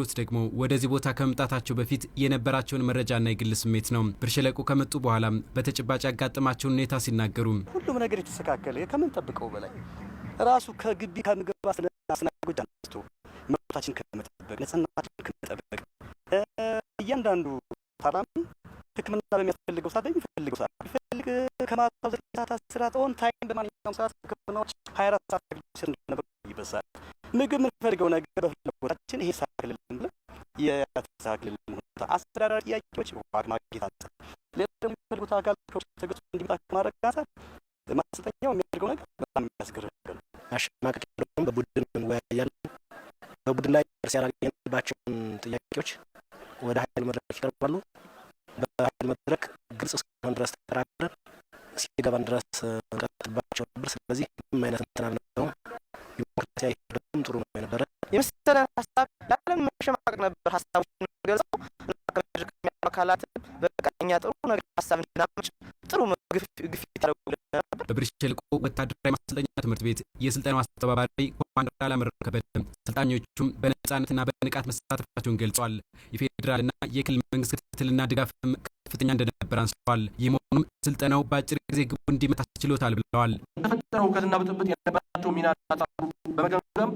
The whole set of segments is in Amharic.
ሩት ደግሞ ወደዚህ ቦታ ከመምጣታቸው በፊት የነበራቸውን መረጃና የግል ስሜት ነው። ብር ሸለቆ ከመጡ በኋላ በተጨባጭ ያጋጠማቸውን ሁኔታ ሲናገሩ ሁሉም ነገር የተስተካከለ ከምንጠብቀው በላይ ራሱ ከግቢ ከምግብ አስናጎጅ አንስቶ መብታችን ከመጠበቅ ነጽናችን ከመጠበቅ እያንዳንዱ ታራሚ ሕክምና በሚያስፈልገው ሰዓት በሚፈልገው ሰዓት ቢፈልግ ከማታ ሰዓት አስራት ኦን ታይም በማንኛውም ሰዓት ሕክምናዎች ሀያ አራት ሰዓት ሲር ይበሳል ምግብ የምንፈልገው ነገር በፍላጎታችን ይሄ የተስተካከለ ሁኔታ አስተዳደር ጥያቄዎች ዋግ ማግኘት አንጻር፣ ሌላ የሚፈልጉት አካል ተገጽ እንዲመጣ ከማድረግ አንጻር ማሰልጠኛው የሚያደርገው ነገር በጣም የሚያስገርም ነገር ነው። በቡድን እንወያያለን። በቡድን ላይ እርስ ያላገኘንባቸውን ጥያቄዎች ወደ ኃይል መድረክ ይቀርባሉ። በኃይል መድረክ ግልጽ እስከሆን ድረስ ተከራክረን እስኪገባን ድረስ እንቀጥልባቸው ነበር። ስለዚህ ምንም አይነት እንትን አልነበረውም። ዲሞክራሲያዊ ሂደቱም ጥሩ ነው የነበረ የመሰለ ሀሳብ ማቅረብ ነበር ሀሳቡን ገልጸው አካላትን በቀኛ ጥሩ ነገር ሀሳብ እንድናመች ጥሩ ግፊት ያደረጉ ነበር። በብር ሸለቆ ወታደራዊ ማሰልጠኛ ትምህርት ቤት የስልጠናው አስተባባሪ ኮማንደር አላምረው ከበደም ሰልጣኞቹም በነጻነትና በንቃት መሳተፋቸውን ገልጸዋል። የፌዴራልና የክልል መንግስት ክትትልና ድጋፍም ከፍተኛ እንደነበር አንስተዋል። ይህ መሆኑም ስልጠናው በአጭር ጊዜ ግቡ እንዲመታ ችሎታል ብለዋል። ከተፈጠረው እውቀትና ብጥብጥ የነበራቸው ሚና በመገምገም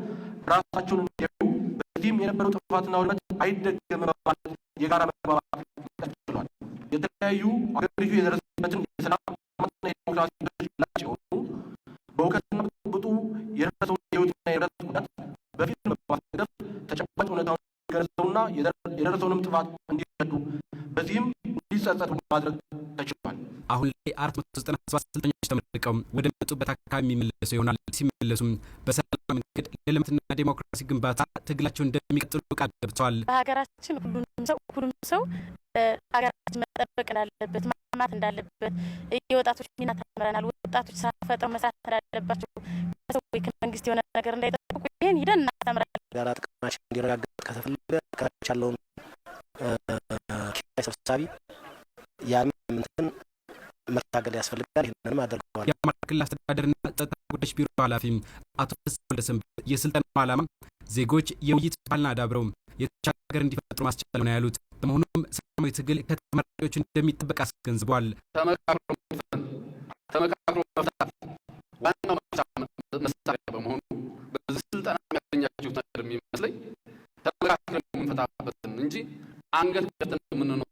ራሳቸውን እንዲያዩ በዚህም የነበረው ጥፋትና ውድመት አይደገም በማለት የጋራ መግባባት ተችሏል። የተለያዩ አገሪቱ የደረሰበትን የሰላም የዲሞክራሲ ላጭ የሆኑ በእውቀትና ብጡ የደረሰውን የህይወትና የንብረት ጉዳት በፊት በማስገደፍ ተጨባጭ እውነታውን ገልጸውና የደረሰውንም ጥፋት እንዲረዱ በዚህም እንዲጸጸቱ ማድረግ ተችሏል። አሁን ላይ አራት መቶ ዘጠና ሰባት ስልጠኞች ተመርቀው ወደ መጡበት አካባቢ የሚመለሱ ይሆናል። ሲመለሱም በሰ መንገድ ለልማትና ዴሞክራሲ ግንባታ ትግላቸውን እንደሚቀጥሉ ቃል ገብተዋል። በሀገራችን ሁሉም ሰው ሁሉም ሰው ሀገራችን መጠበቅ እንዳለበት ማማት እንዳለበት የወጣቶች ሚና ተምረናል። ወጣቶች ስራ ፈጥረው መስራት እንዳለባቸው ከሰው ከመንግስት የሆነ ነገር እንዳይጠብቁ ይህን ሂደን እናስተምራለን። ጋራ ጥቅማችን እንዲረጋገጥ ከተፈለገ ከታች ያለውን ሰብሳቢ ያንን እንትን መታገል ያስፈልጋል። ይህንንም አድርገዋል። የአማራ ክልል አስተዳደርና ጸጥታ ጉዳዮች ቢሮ ኃላፊም አቶ ፍስሐ የስልጠና የስልጠናው ዓላማ ዜጎች የውይይት ባህልን አዳብረው የተሻለ ነገር እንዲፈጥሩ ማስቻል ነው ያሉት። በመሆኑም ሰላማዊ ትግል ከተመራቂዎች እንደሚጠበቅ አስገንዝቧል። ተመካክሮ መፍታት ዋናው መሳሪያ በመሆኑ በዚህ ስልጠና የሚያገኛችሁት ነገር የሚመስለኝ ተመካክረን የምንፈታበትን እንጂ አንገት ገጥተን የምንኖር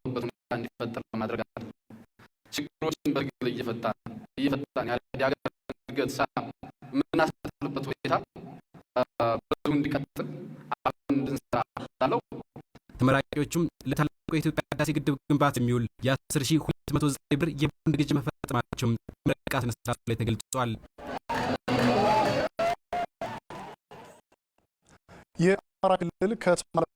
ችግር እየፈታን እየፈታን ያለ የሀገር እድገት ሰላም የምናስፈታበት ሁኔታ ብዙ እንዲቀጥል አብረን እንድንሰራ ላለው ተመራቂዎቹም ለታላቁ የኢትዮጵያ ህዳሴ ግድብ ግንባታ የሚውል የ10209 ብር የቦንድ ግዥ መፈጸማቸውም ምረቃ ስነ ስርዓቱ ላይ ተገልጿል። የአማራ ክልል ከተማ